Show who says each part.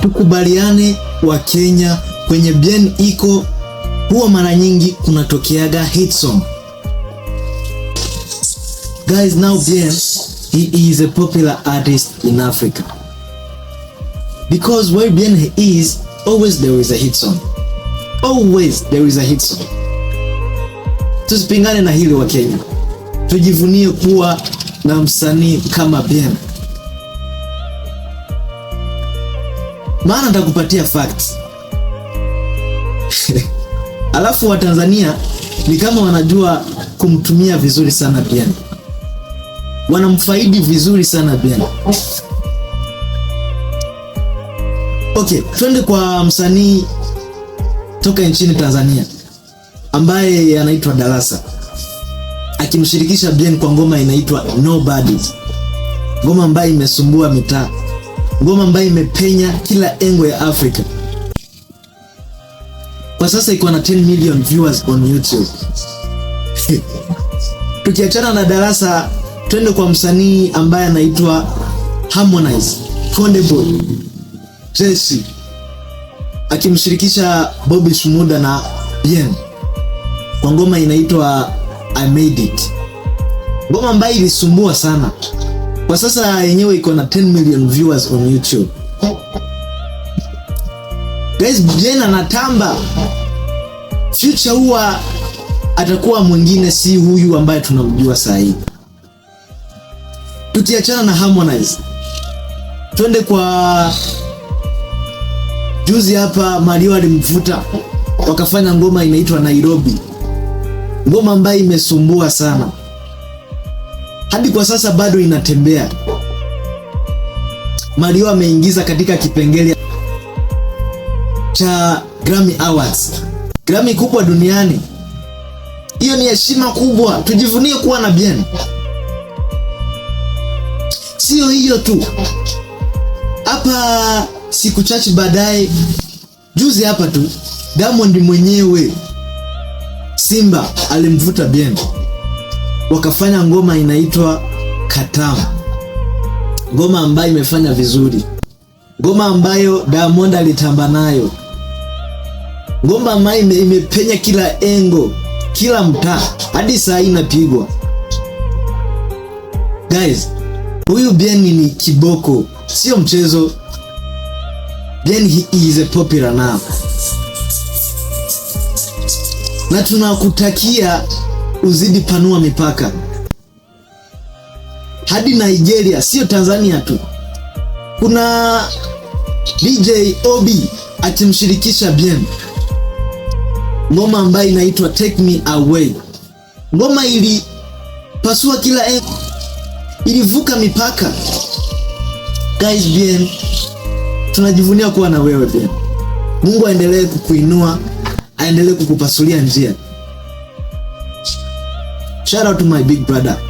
Speaker 1: tukubaliane wa Kenya kwenye bien iko huwa mara nyingi kunatokeaga hit song. Guys, now bien he is a popular artist in Africa because where bien he is always there is a hit song, always there is a hit song. Tusipingane na hili wa Kenya, tujivunie kuwa na msanii kama bien. maana nitakupatia facts alafu Watanzania ni kama wanajua kumtumia vizuri sana Bien, wanamfaidi vizuri sana Bien. Okay, twende kwa msanii toka nchini Tanzania ambaye anaitwa Darasa akimshirikisha Bien kwa ngoma inaitwa Nobody, ngoma ambayo imesumbua mitaa ngoma ambayo imepenya kila engo ya Afrika. Kwa sasa iko na 10 million viewers on YouTube. Tukiachana na darasa, twende kwa msanii ambaye anaitwa Harmonize Konde Boy Jesse, akimshirikisha Bobby Shmurda na Bien kwa ngoma inaitwa I Made It, ngoma ambayo ilisumbua sana kwa sasa yenyewe iko na 10 million viewers on YouTube. Guys, Jena tamba Future huwa atakuwa mwingine, si huyu ambaye tunamjua saa hii. Tukiachana na Harmonize, twende kwa juzi hapa Mario alimvuta wakafanya ngoma inaitwa Nairobi, ngoma ambayo imesumbua sana hadi kwa sasa bado inatembea. Mario ameingiza katika kipengele cha Grammy Awards, Grammy kubwa duniani. Hiyo ni heshima kubwa, tujivunie kuwa na Bien. Sio hiyo tu, hapa siku chache baadaye, juzi hapa tu, Diamond mwenyewe Simba alimvuta Bien wakafanya ngoma inaitwa Katamu, ngoma ambayo imefanya vizuri, ngoma ambayo Diamond alitamba nayo, ngoma ambayo imepenya kila engo, kila mtaa, hadi saa hii inapigwa. Guys, huyu Bien ni kiboko, sio mchezo. Bien he is a popular now, na tunakutakia uzidi panua mipaka hadi Nigeria, sio Tanzania tu. Kuna DJ Obi akimshirikisha Bien, ngoma ambayo inaitwa Take Me Away. Ngoma ilipasua kila e, ilivuka mipaka. Guys, Bien tunajivunia kuwa na wewe Bien. Mungu aendelee kukuinua, aendelee kukupasulia njia. Shout out to my big brother